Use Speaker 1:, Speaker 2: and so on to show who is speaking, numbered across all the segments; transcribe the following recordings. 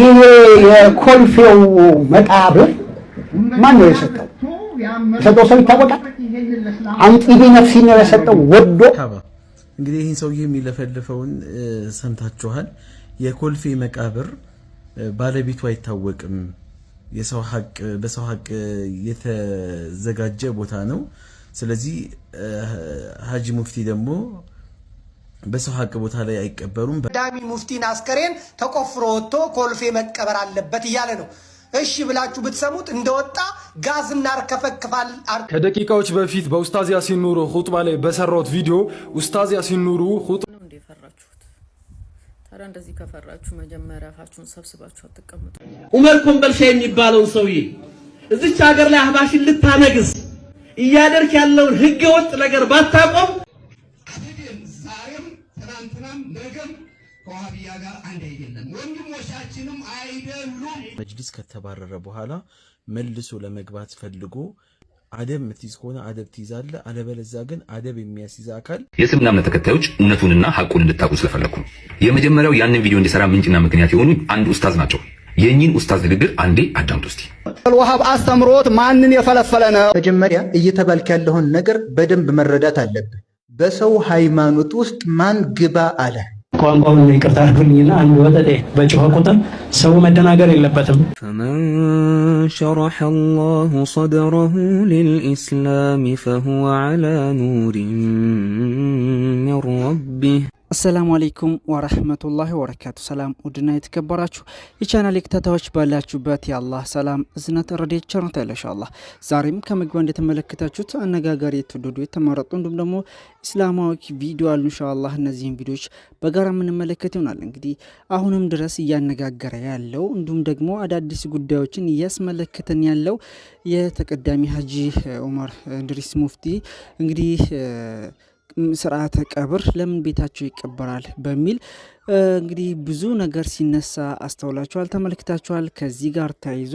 Speaker 1: ይሄ የኮልፌው መቃብር ማን ነው የሰጠው? የሰጠው ሰው ይታወቃል። አንጢቤ ነፍሲ ነው የሰጠው ወዶ።
Speaker 2: እንግዲህ ይህን ሰውዬ የሚለፈልፈውን ሰምታችኋል። የኮልፌ መቃብር ባለቤቱ አይታወቅም። የሰው ሀቅ በሰው ሀቅ የተዘጋጀ ቦታ ነው። ስለዚህ ሀጂ ሙፍቲ ደግሞ በሰው ሀቅ ቦታ ላይ አይቀበሩም።
Speaker 3: ዳሚ ሙፍቲን አስከሬን ተቆፍሮ ወጥቶ ኮልፌ መቀበር አለበት እያለ ነው። እሺ ብላችሁ ብትሰሙት እንደወጣ ጋዝ እናርከፈክፋል።
Speaker 4: ከደቂቃዎች በፊት በኡስታዝ ያሲን ኑሩ ሁጥባ ላይ በሰራሁት ቪዲዮ ኡስታዝ ያሲን ኑሩ ታዲያ እንደዚህ
Speaker 5: ከፈራችሁ መጀመሪያ ራሳችሁን ሰብስባችሁ አትቀምጡ። ኡመር ኮምበልሻ የሚባለውን ሰውዬ እዚች ሀገር ላይ አህባሽን ልታነግስ እያደርክ ያለውን ህገወጥ ነገር ባታቆም ትናንትናም ነገም
Speaker 2: ከዋህብያ ጋር አንድ አይደለም፣ ወንድሞቻችንም አይደሉም። መጅሊስ ከተባረረ በኋላ መልሶ ለመግባት ፈልጎ አደብ የምትይዝ ከሆነ አደብ ትይዛለ፣ አለበለዚያ ግን አደብ የሚያስይዝ አካል
Speaker 4: የእስልምና እምነት ተከታዮች እውነቱንና ሀቁን እንድታውቁ ስለፈለኩ የመጀመሪያው ያንን ቪዲዮ እንዲሰራ ምንጭና ምክንያት የሆኑ አንድ ኡስታዝ ናቸው። የእኚህን ኡስታዝ ንግግር አንዴ አዳምጡ እስቲ።
Speaker 1: አልዋሃብ አስተምሮት ማንን የፈለፈለ ነው? መጀመሪያ እየተባልክ ያለውን ነገር በደንብ መረዳት አለብን። በሰው ሃይማኖት ውስጥ ማን ግባ አለ?
Speaker 5: ቋንቋውን ይቅርታ አድርጉልኝና አንድ ወጠጤ በጮኸ ቁጥር ሰው መደናገር የለበትም።
Speaker 6: ፈመን ሸረሐ አላሁ ሰድረሁ ሊልኢስላሚ ፈሁወ ዐላ ኑሪን ሚን ረቢህ
Speaker 7: አሰላሙ አሌይኩም ወረህመቱላሂ ወበረካቱ። ሰላም ውድና የተከበራችሁ የቻናል ተከታታዮች ባላችሁበት የአላህ ሰላም እዝነት ረድኤት ቸርነት አይለሻላ። ዛሬም ከምግባ እንደተመለከታችሁት አነጋጋሪ የተወደዱ የተመረጡ እንዲሁም ደግሞ ኢስላማዊ ቪዲዮ አሉ። እንሻላ እነዚህም ቪዲዮዎች በጋራ የምንመለከት ይሆናል። እንግዲህ አሁንም ድረስ እያነጋገረ ያለው እንዲሁም ደግሞ አዳዲስ ጉዳዮችን እያስመለከተን ያለው የተቀዳሚ ሀጂ ኡመር እንድሪስ ሙፍቲ እንግዲህ ስርዓተ ቀብር ለምን ቤታቸው ይቀበራል በሚል እንግዲህ ብዙ ነገር ሲነሳ አስተውላችኋል፣ ተመልክታችኋል። ከዚህ ጋር ተያይዞ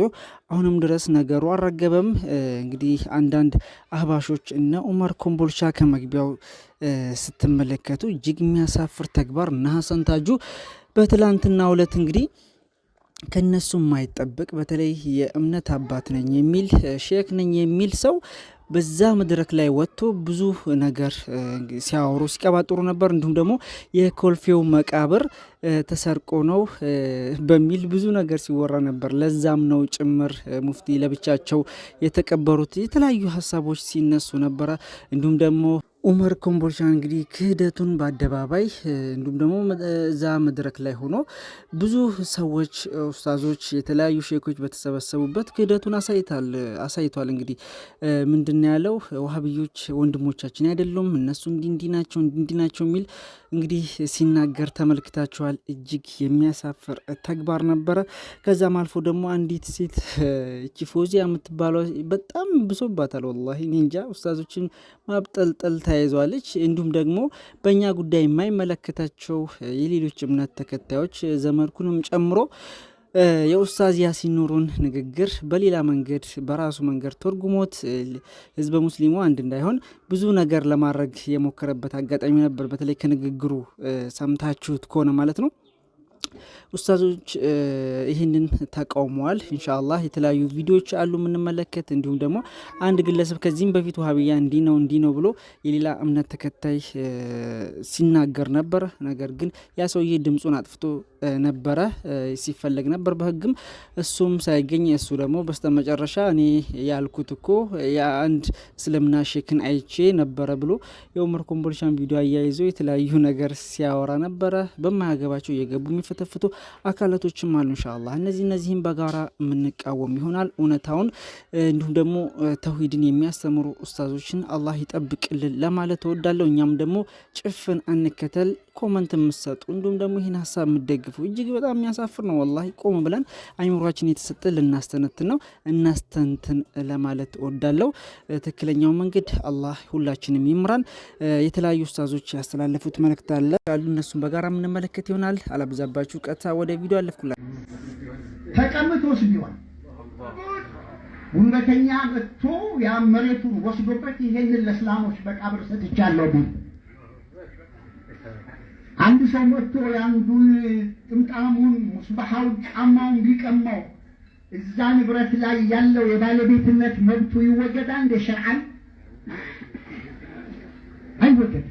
Speaker 7: አሁንም ድረስ ነገሩ አልረገበም። እንግዲህ አንዳንድ አህባሾች እነ ኡመር ኮምቦልቻ ከመግቢያው ስትመለከቱ እጅግ የሚያሳፍር ተግባር ናሀሰንታጁ በትላንትና ታጁ ዕለት እንግዲህ ከነሱ የማይጠበቅ በተለይ የእምነት አባት ነኝ የሚል ሼክ ነኝ የሚል ሰው በዛ መድረክ ላይ ወጥቶ ብዙ ነገር ሲያወሩ ሲቀባጥሩ ነበር። እንዲሁም ደግሞ የኮልፌው መቃብር ተሰርቆ ነው በሚል ብዙ ነገር ሲወራ ነበር። ለዛም ነው ጭምር ሙፍቲ ለብቻቸው የተቀበሩት። የተለያዩ ሀሳቦች ሲነሱ ነበረ። እንዲሁም ደግሞ ኡመር ኮምቦልቻ እንግዲህ ክህደቱን በአደባባይ እንዲሁም ደግሞ እዛ መድረክ ላይ ሆኖ ብዙ ሰዎች፣ ኡስታዞች፣ የተለያዩ ሼኮች በተሰበሰቡበት ክህደቱን አሳይቷል። እንግዲህ ምንድን ያለው ዋሃብዮች ወንድሞቻችን አይደሉም እነሱ እንዲንዲ ናቸው እንዲንዲ ናቸው የሚል እንግዲህ ሲናገር ተመልክታችኋል። እጅግ የሚያሳፍር ተግባር ነበረ። ከዛም አልፎ ደግሞ አንዲት ሴት ቺፎዚያ የምትባለ በጣም ብሶባታል። ወላሂ እኔ እንጃ ኡስታዞችን ማብጠልጠል ተያይዘዋለች። እንዲሁም ደግሞ በእኛ ጉዳይ የማይመለከታቸው የሌሎች እምነት ተከታዮች ዘመድኩንም ጨምሮ የኡስታዝ ያሲን ኑሩን ንግግር በሌላ መንገድ በራሱ መንገድ ተርጉሞት ህዝበ ሙስሊሙ አንድ እንዳይሆን ብዙ ነገር ለማድረግ የሞከረበት አጋጣሚ ነበር። በተለይ ከንግግሩ ሰምታችሁት ከሆነ ማለት ነው። ኡስታዞች ይህንን ተቃውመዋል። እንሻላ የተለያዩ ቪዲዮዎች አሉ የምንመለከት። እንዲሁም ደግሞ አንድ ግለሰብ ከዚህም በፊት ውሀብያ እንዲህ ነው እንዲህ ነው ብሎ የሌላ እምነት ተከታይ ሲናገር ነበር። ነገር ግን ያ ሰውዬ ድምፁን አጥፍቶ ነበረ ሲፈለግ ነበር በህግም እሱም ሳይገኝ እሱ ደግሞ በስተመጨረሻ እኔ ያልኩት እኮ የአንድ እስልምና ሼክን አይቼ ነበረ ብሎ የኡመር ኮምቦልቻን ቪዲዮ አያይዞ የተለያዩ ነገር ሲያወራ ነበረ። በማያገባቸው እየገቡ የሚፈተፍቱ አካላቶችም አሉ። እንሻላ እነዚህ እነዚህም በጋራ የምንቃወም ይሆናል። እውነታውን እንዲሁም ደግሞ ተውሂድን የሚያስተምሩ ኡስታዞችን አላህ ይጠብቅልን ለማለት እወዳለሁ። እኛም ደግሞ ጭፍን አንከተል። ኮመንት የምሰጡ እንዲሁም ደግሞ ይህን ሀሳብ የምደግ ተመልክቱ። እጅግ በጣም የሚያሳፍር ነው ወላሂ። ቆም ብለን አይምሯችን የተሰጠ ልናስተነትን ነው እናስተንትን ለማለት ወዳለው ትክክለኛው መንገድ አላህ ሁላችንም ይምራን። የተለያዩ ኡስታዞች ያስተላለፉት መልእክት አለ ያሉ እነሱን በጋራ የምንመለከት ይሆናል። አላብዛባችሁ፣ ቀጥታ ወደ ቪዲዮ አለፍኩላል።
Speaker 1: ተቀምቶ ቢሆን እውነተኛ መጥቶ ያ መሬቱን ወስዶበት ይሄንን ለእስላሞች በቃብር ሰጥቻለሁ ቢል አንድ ሰው መጥቶ የአንዱን ጥምጣሙን ሙስባሐውን ጫማውን ቢቀማው እዛ ንብረት ላይ ያለው የባለቤትነት መብቱ ይወገዳ እንደ ሸርዓን አይወገድ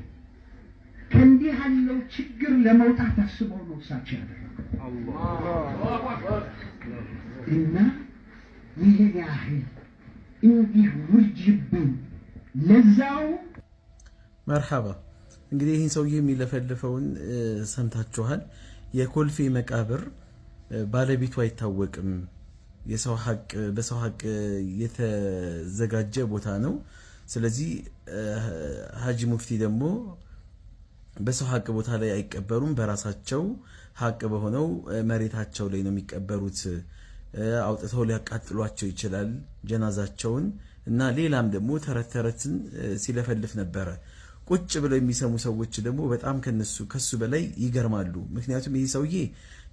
Speaker 1: ከእንዲህ ያለው ችግር ለመውጣት አስበው ነው እሳቸው ያደረገው እና ይህን ያህል እንዲህ ውርጅብን ለዛው
Speaker 2: መርሐባ እንግዲህ ይህን ሰውዬ የሚለፈልፈውን ሰምታችኋል። የኮልፌ መቃብር ባለቤቱ አይታወቅም፣ የሰው ሀቅ በሰው ሀቅ የተዘጋጀ ቦታ ነው። ስለዚህ ሀጂ ሙፍቲ ደግሞ በሰው ሀቅ ቦታ ላይ አይቀበሩም፣ በራሳቸው ሀቅ በሆነው መሬታቸው ላይ ነው የሚቀበሩት። አውጥተው ሊያቃጥሏቸው ይችላል ጀናዛቸውን እና ሌላም ደግሞ ተረት ተረትን ሲለፈልፍ ነበረ። ቁጭ ብለው የሚሰሙ ሰዎች ደግሞ በጣም ከነሱ ከሱ በላይ ይገርማሉ። ምክንያቱም ይህ ሰውዬ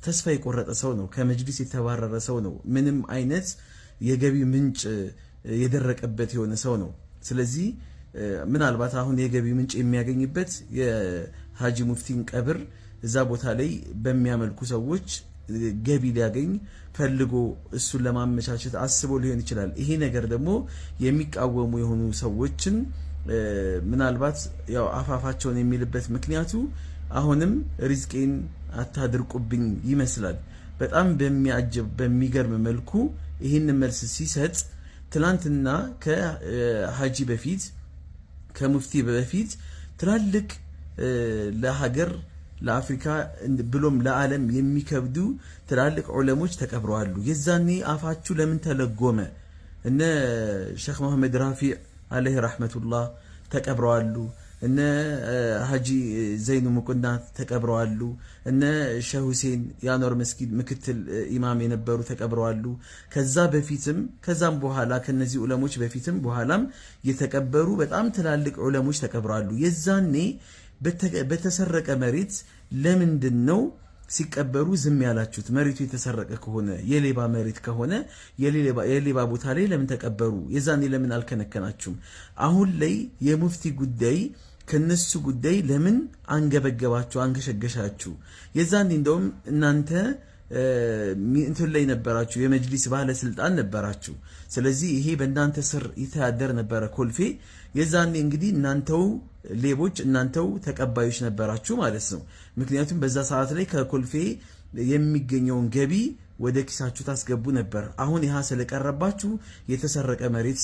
Speaker 2: ተስፋ የቆረጠ ሰው ነው። ከመጅሊስ የተባረረ ሰው ነው። ምንም አይነት የገቢ ምንጭ የደረቀበት የሆነ ሰው ነው። ስለዚህ ምናልባት አሁን የገቢ ምንጭ የሚያገኝበት የሀጂ ሙፍቲን ቀብር እዛ ቦታ ላይ በሚያመልኩ ሰዎች ገቢ ሊያገኝ ፈልጎ እሱን ለማመቻቸት አስቦ ሊሆን ይችላል። ይሄ ነገር ደግሞ የሚቃወሙ የሆኑ ሰዎችን ምናልባት ያው አፋፋቸውን የሚልበት ምክንያቱ አሁንም ሪዝቄን አታድርቁብኝ ይመስላል። በጣም በሚያጀብ በሚገርም መልኩ ይህን መልስ ሲሰጥ ትላንትና ከሀጂ በፊት ከሙፍቲ በፊት ትላልቅ ለሀገር ለአፍሪካ ብሎም ለዓለም የሚከብዱ ትላልቅ ዑለሞች ተቀብረዋሉ። የዛኔ አፋችሁ ለምን ተለጎመ? እነ ሸክ መሐመድ ራፊዕ አለህ ረሕመቱላህ ተቀብረዋሉ። እነ ሀጂ ዘይኑ ሙቁና ተቀብረዋሉ። እነ ሸህ ሁሴን የአኗር መስጊድ ምክትል ኢማም የነበሩ ተቀብረዋሉ። ከዛ በፊትም ከዛም በኋላ ከነዚህ ዑለሞች በፊትም በኋላም የተቀበሩ በጣም ትላልቅ ዑለሞች ተቀብረዋሉ። የዛኔ በተሰረቀ መሬት ለምንድን ነው ሲቀበሩ ዝም ያላችሁት መሬቱ የተሰረቀ ከሆነ የሌባ መሬት ከሆነ የሌባ ቦታ ላይ ለምን ተቀበሩ? የዛኔ ለምን አልከነከናችሁም? አሁን ላይ የሙፍቲ ጉዳይ ከነሱ ጉዳይ ለምን አንገበገባችሁ፣ አንገሸገሻችሁ? የዛኔ እንደውም እናንተ እንትን ላይ ነበራችሁ፣ የመጅሊስ ባለስልጣን ነበራችሁ። ስለዚህ ይሄ በእናንተ ስር ይተዳደር ነበረ ኮልፌ የዛኔ እንግዲህ እናንተው ሌቦች እናንተው ተቀባዮች ነበራችሁ ማለት ነው። ምክንያቱም በዛ ሰዓት ላይ ከኮልፌ የሚገኘውን ገቢ ወደ ኪሳችሁ ታስገቡ ነበር። አሁን ይህ ስለቀረባችሁ የተሰረቀ መሬት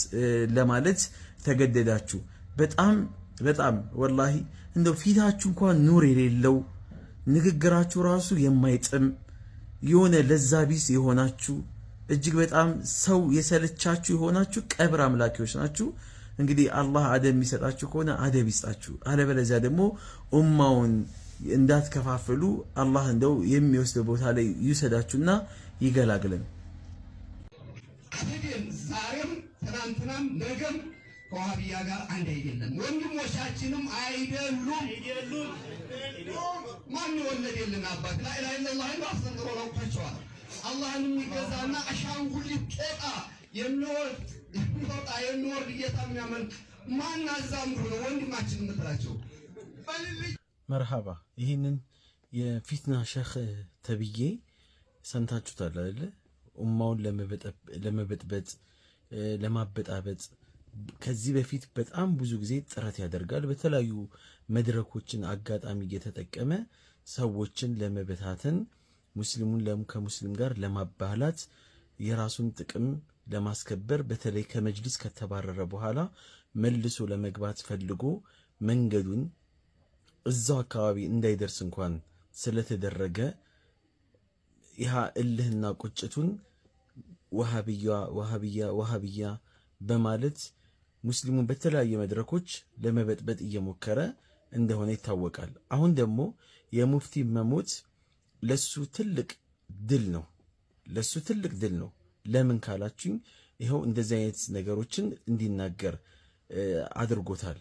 Speaker 2: ለማለት ተገደዳችሁ። በጣም በጣም ወላሂ እንደው ፊታችሁ እንኳን ኑር የሌለው ንግግራችሁ ራሱ የማይጥም የሆነ ለዛ ቢስ የሆናችሁ እጅግ በጣም ሰው የሰለቻችሁ የሆናችሁ ቀብር አምላኪዎች ናችሁ። እንግዲህ አላህ አደብ የሚሰጣችሁ ከሆነ አደብ ይስጣችሁ፣ አለበለዚያ ደግሞ ኡማውን እንዳትከፋፍሉ አላህ እንደው የሚወስደው ቦታ ላይ ይውሰዳችሁና ይገላግለን። ዛሬም ትናንትናም ነገም ከዋህብያ ጋር አንድ አይደለም፣ ወንድሞቻችንም አይደሉም። ማን ወለድ የለን አባት ላላ ለላ አስተምሮ አውቃቸዋል። አላህን የሚገዛና አሻንጉሊት ቄጣ የሚወድ የሚወጣ የሚወርድ ጌታ የሚያመልክ ማን ነው ወንድማችን የምትላቸው መርሃባ። ይህንን የፊትና ሸህ ተብዬ ሰምታችሁታል አይደለ? ኡማውን ለመበጥበጥ ለማበጣበጥ ከዚህ በፊት በጣም ብዙ ጊዜ ጥረት ያደርጋል። በተለያዩ መድረኮችን አጋጣሚ እየተጠቀመ ሰዎችን ለመበታተን ሙስሊሙን ከሙስሊም ጋር ለማባህላት የራሱን ጥቅም ለማስከበር በተለይ ከመጅሊስ ከተባረረ በኋላ መልሶ ለመግባት ፈልጎ መንገዱን እዛው አካባቢ እንዳይደርስ እንኳን ስለተደረገ ይህ እልህና ቁጭቱን ወሃብያ ወሃብያ ወሃብያ በማለት ሙስሊሙን በተለያዩ መድረኮች ለመበጥበጥ እየሞከረ እንደሆነ ይታወቃል። አሁን ደግሞ የሙፍቲ መሞት ለሱ ትልቅ ድል ነው። ለሱ ትልቅ ድል ነው። ለምን ካላችሁኝ ይኸው እንደዚህ አይነት ነገሮችን እንዲናገር አድርጎታል።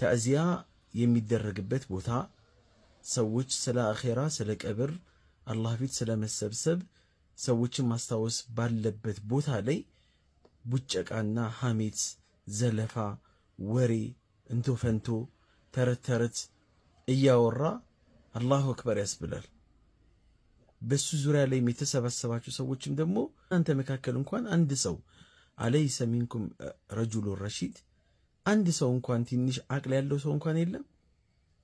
Speaker 2: ተዕዚያ የሚደረግበት ቦታ ሰዎች ስለ አኼራ፣ ስለ ቀብር፣ አላህ ፊት ስለ መሰብሰብ ሰዎችን ማስታወስ ባለበት ቦታ ላይ ቡጨቃና ሐሜት፣ ዘለፋ፣ ወሬ፣ እንቶ ፈንቶ፣ ተረት ተረት እያወራ አላሁ አክበር ያስብላል። በሱ ዙሪያ ላይ የተሰባሰባችሁ ሰዎችም ደግሞ እናንተ መካከል እንኳን አንድ ሰው አለይሰ ሚንኩም ረጁሉ ረሺድ አንድ ሰው እንኳን ትንሽ አቅል ያለው ሰው እንኳን የለም።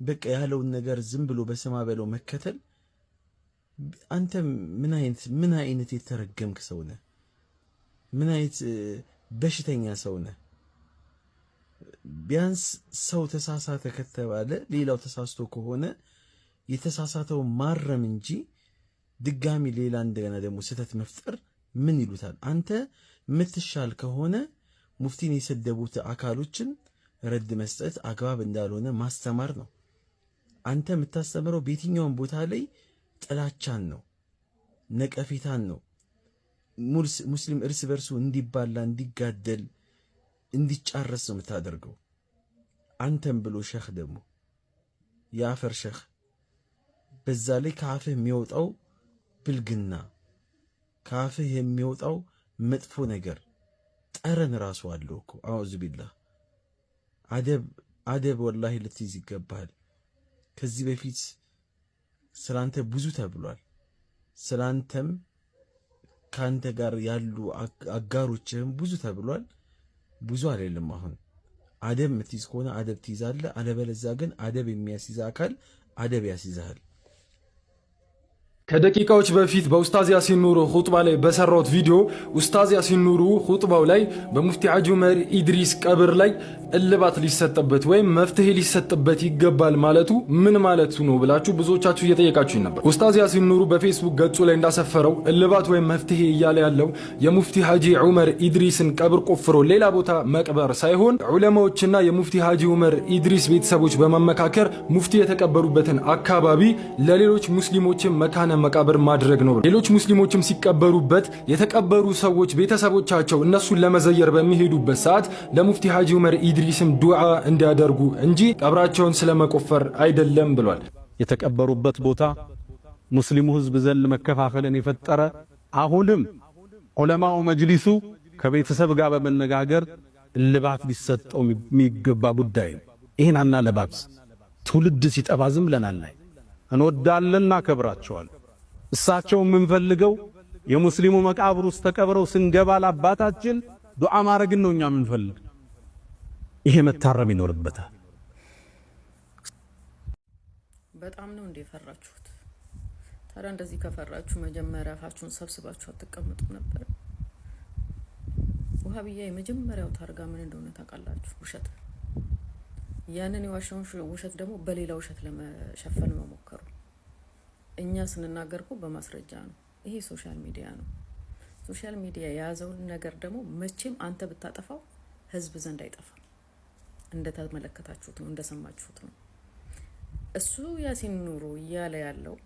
Speaker 2: በቃ ያለውን ነገር ዝም ብሎ በስማ በለው መከተል። አንተ ምን አይነት ምን አይነት የተረገምክ ሰው ነህ? ምን አይነት በሽተኛ ሰው ነህ? ቢያንስ ሰው ተሳሳተ ከተባለ ሌላው ተሳስቶ ከሆነ የተሳሳተው ማረም እንጂ ድጋሚ ሌላ እንደገና ደግሞ ስህተት መፍጠር ምን ይሉታል? አንተ ምትሻል ከሆነ ሙፍቲን የሰደቡት አካሎችን ረድ መስጠት አግባብ እንዳልሆነ ማስተማር ነው። አንተ የምታስተምረው በየትኛውም ቦታ ላይ ጥላቻን ነው፣ ነቀፌታን ነው። ሙስሊም እርስ በርሱ እንዲባላ፣ እንዲጋደል፣ እንዲጫረስ ነው የምታደርገው። አንተም ብሎ ሸህ ደግሞ የአፈር ሸህ በዛ ላይ ከአፍህ የሚወጣው ብልግና፣ ከአፍህ የሚወጣው መጥፎ ነገር ጠረን ራሱ አለው እኮ። አዑዙ ቢላህ አደብ አደብ ወላሂ ልትይዝ ይገባል ከዚህ በፊት ስላንተ ብዙ ተብሏል። ስላንተም ከአንተ ጋር ያሉ አጋሮችህም ብዙ ተብሏል። ብዙ አይደለም። አሁን አደብ የምትይዝ ከሆነ አደብ ትይዛለህ። አለበለዚያ ግን አደብ የሚያስይዝ አካል አደብ ያስይዝሃል።
Speaker 4: ከደቂቃዎች በፊት በኡስታዝ ያሲን ኑሩ ሁጥባ ላይ በሰራሁት ቪዲዮ ኡስታዝ ያሲን ኑሩ ሁጥባው ላይ በሙፍቲ ሐጂ ዑመር ኢድሪስ ቀብር ላይ እልባት ሊሰጥበት ወይም መፍትሄ ሊሰጥበት ይገባል ማለቱ ምን ማለቱ ነው ብላችሁ ብዙዎቻችሁ እየጠየቃችሁኝ ነበር። ኡስታዝ ያሲን ኑሩ በፌስቡክ ገጹ ላይ እንዳሰፈረው እልባት ወይም መፍትሄ እያለ ያለው የሙፍቲ ሐጂ ዑመር ኢድሪስን ቀብር ቆፍሮ ሌላ ቦታ መቅበር ሳይሆን ዑለማዎችና የሙፍቲ ሐጂ ዑመር ኢድሪስ ቤተሰቦች በመመካከር ሙፍቲ የተቀበሩበትን አካባቢ ለሌሎች ሙስሊሞችን መካነ መቃብር ማድረግ ነው። ሌሎች ሙስሊሞችም ሲቀበሩበት የተቀበሩ ሰዎች ቤተሰቦቻቸው እነሱን ለመዘየር በሚሄዱበት ሰዓት ለሙፍቲ ሐጂ ዑመር ኢድሪስም ዱዓ እንዲያደርጉ እንጂ ቀብራቸውን ስለመቆፈር አይደለም ብሏል።
Speaker 8: የተቀበሩበት ቦታ ሙስሊሙ ህዝብ ዘንድ መከፋፈልን የፈጠረ አሁንም ዑለማው መጅሊሱ ከቤተሰብ ጋር በመነጋገር እልባት ሊሰጠው የሚገባ ጉዳይ ነው። ይህን አና ለባብስ ትውልድ ሲጠፋ ዝም ብለን አናይ። እንወዳለን፣ እናከብራቸዋል። እሳቸው የምንፈልገው የሙስሊሙ መቃብር ውስጥ ተቀብረው ስንገባ ለአባታችን ዱዓ ማድረግን ነው እኛ የምንፈልግ። ይሄ መታረም ይኖርበታል።
Speaker 9: በጣም ነው እንደ የፈራችሁት። ታዲያ እንደዚህ ከፈራችሁ መጀመሪያ አፋችሁን ሰብስባችሁ አትቀምጡም ነበር? ውሃብያ የመጀመሪያው ታርጋ ምን እንደሆነ ታውቃላችሁ? ውሸት። ያንን የዋሸውን ውሸት ደግሞ በሌላ ውሸት ለመሸፈን መሞከሩ እኛ ስንናገር እኮ በማስረጃ ነው። ይሄ ሶሻል ሚዲያ ነው። ሶሻል ሚዲያ የያዘውን ነገር ደግሞ መቼም አንተ ብታጠፋው ህዝብ ዘንድ አይጠፋም። እንደተመለከታችሁት ነው፣ እንደሰማችሁት ነው። እሱ ያሲን ኑሩ እያለ ያለው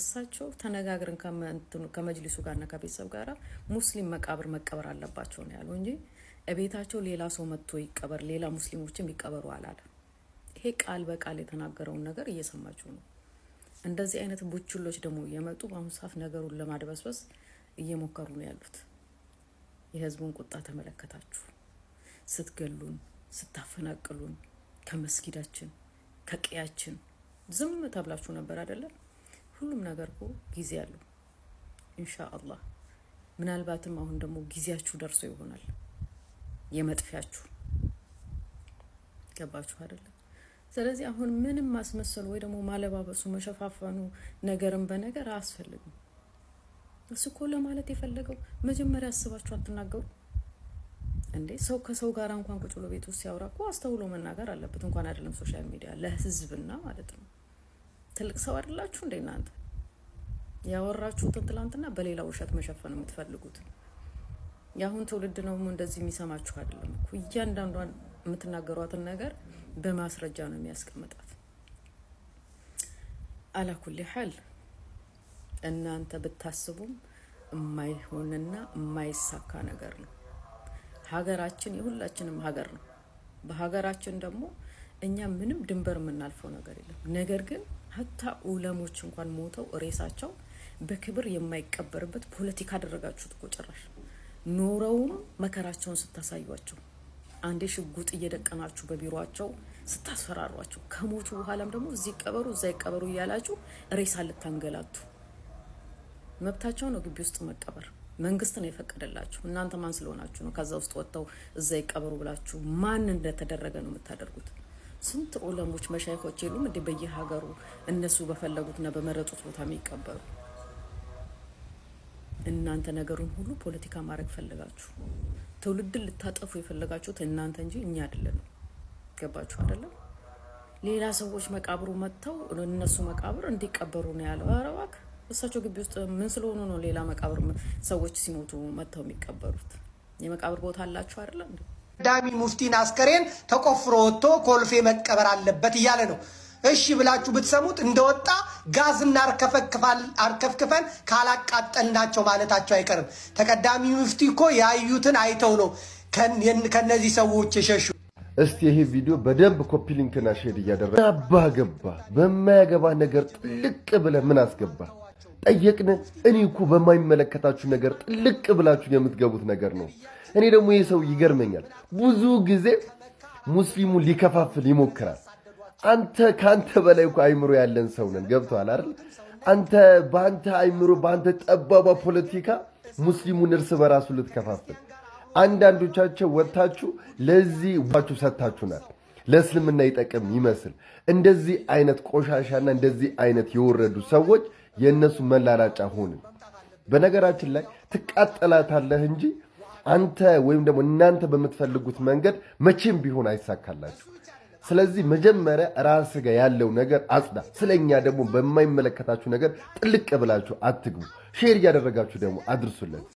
Speaker 9: እሳቸው ተነጋግረን ከመጅሊሱ ጋርና ከቤተሰብ ጋር ሙስሊም መቃብር መቀበር አለባቸው ነው ያሉ እንጂ እቤታቸው ሌላ ሰው መጥቶ ይቀበር፣ ሌላ ሙስሊሞችም ይቀበሩ አላለም። ይሄ ቃል በቃል የተናገረውን ነገር እየሰማችሁ ነው። እንደዚህ አይነት ቡችሎች ደግሞ የመጡ በአሁኑ ሰዓት ነገሩን ለማድበስበስ እየሞከሩ ነው ያሉት። የህዝቡን ቁጣ ተመለከታችሁ። ስትገሉን፣ ስታፈናቅሉን ከመስጊዳችን ከቀያችን ዝም ተብላችሁ ነበር አይደለም? ሁሉም ነገር እኮ ጊዜ አለው። ኢንሻ አላህ ምናልባትም አሁን ደግሞ ጊዜያችሁ ደርሶ ይሆናል የመጥፊያችሁ። ገባችሁ አይደለም? ስለዚህ አሁን ምንም ማስመሰሉ ወይ ደግሞ ማለባበሱ መሸፋፈኑ ነገርን በነገር አያስፈልግም። እሱ እኮ ለማለት የፈለገው መጀመሪያ አስባችሁ አትናገሩ እንዴ? ሰው ከሰው ጋር እንኳን ቁጭ ብሎ ቤት ውስጥ ሲያወራ እኮ አስተውሎ መናገር አለበት። እንኳን አይደለም ሶሻል ሚዲያ ለህዝብና ማለት ነው። ትልቅ ሰው አይደላችሁ እንዴ እናንተ? ያወራችሁትን ትላንትና በሌላ ውሸት መሸፈን የምትፈልጉት የአሁን ትውልድ ነው እንደዚህ የሚሰማችሁ አይደለም እኮ እያንዳንዷን የምትናገሯትን ነገር በማስረጃ ነው የሚያስቀምጣት። አላኩል ሀል እናንተ ብታስቡም የማይሆንና የማይሳካ ነገር ነው። ሀገራችን የሁላችንም ሀገር ነው። በሀገራችን ደግሞ እኛ ምንም ድንበር የምናልፈው ነገር የለም። ነገር ግን ሀታ ኡለሞች እንኳን ሞተው ሬሳቸው በክብር የማይቀበርበት ፖለቲካ አደረጋችሁት እኮ ጭራሽ ኖረውም መከራቸውን ስታሳዩቸው አንዴ ሽጉጥ እየደቀናችሁ በቢሮቸው ስታስፈራሯቸው ከሞቱ በኋላም ደግሞ እዚህ ይቀበሩ እዛ ይቀበሩ እያላችሁ ሬሳ ልታንገላቱ መብታቸው ነው። ግቢ ውስጥ መቀበር መንግስት ነው የፈቀደላችሁ። እናንተ ማን ስለሆናችሁ ነው ከዛ ውስጥ ወጥተው እዛ ይቀበሩ ብላችሁ ማን እንደተደረገ ነው የምታደርጉት? ስንት ዑለሞች መሻይኮች የሉም እንዴ በየሀገሩ እነሱ በፈለጉትና በመረጡት ቦታ የሚቀበሩ? እናንተ ነገሩን ሁሉ ፖለቲካ ማድረግ ፈለጋችሁ። ትውልድን ልታጠፉ የፈለጋችሁት እናንተ እንጂ እኛ አይደለም። ገባችሁ አይደለም? ሌላ ሰዎች መቃብሩ መጥተው እነሱ መቃብር እንዲቀበሩ ነው ያለው። ኧረ እባክህ እሳቸው ግቢ ውስጥ ምን ስለሆኑ ነው ሌላ መቃብር ሰዎች ሲሞቱ መጥተው የሚቀበሩት? የመቃብር ቦታ አላችሁ አይደለም?
Speaker 3: ዳሚ ሙፍቲን አስከሬን ተቆፍሮ ወጥቶ ኮልፌ መቀበር አለበት እያለ ነው እሺ ብላችሁ ብትሰሙት እንደወጣ ጋዝ አርከፍክፈን ካላቃጠልናቸው ማለታቸው አይቀርም። ተቀዳሚ ምፍቲ እኮ ያዩትን አይተው ነው ከነዚህ ሰዎች የሸሹ።
Speaker 10: እስቲ ይሄ ቪዲዮ በደንብ ኮፒ ሊንክና ሼድ እያደረገ
Speaker 11: አባ ገባ በማያገባ ነገር ጥልቅ ብለ ምን አስገባ ጠየቅን። እኔ እኮ በማይመለከታችሁ ነገር ጥልቅ ብላችሁ የምትገቡት ነገር ነው። እኔ ደግሞ ይህ ሰው ይገርመኛል። ብዙ ጊዜ ሙስሊሙን ሊከፋፍል ይሞክራል። አንተ ከአንተ በላይ እኮ አይምሮ ያለን ሰው ነን። ገብቶሃል አይደል? አንተ በአንተ አይምሮ በአንተ ጠባባ ፖለቲካ ሙስሊሙን እርስ በራሱ ልትከፋፍል፣ አንዳንዶቻቸው ወጥታችሁ ለዚህ ባችሁ ሰጥታችሁናል ለእስልምና ይጠቅም ይመስል እንደዚህ አይነት ቆሻሻና እንደዚህ አይነት የወረዱ ሰዎች የእነሱ መላላጫ ሆንን። በነገራችን ላይ ትቃጠላታለህ እንጂ አንተ ወይም ደግሞ እናንተ በምትፈልጉት መንገድ መቼም ቢሆን አይሳካላችሁ። ስለዚህ መጀመሪያ ራስ ጋር ያለው ነገር አጽዳ። ስለኛ ደግሞ በማይመለከታችሁ ነገር ጥልቅ ብላችሁ አትግቡ። ሼር እያደረጋችሁ ደግሞ አድርሱለት።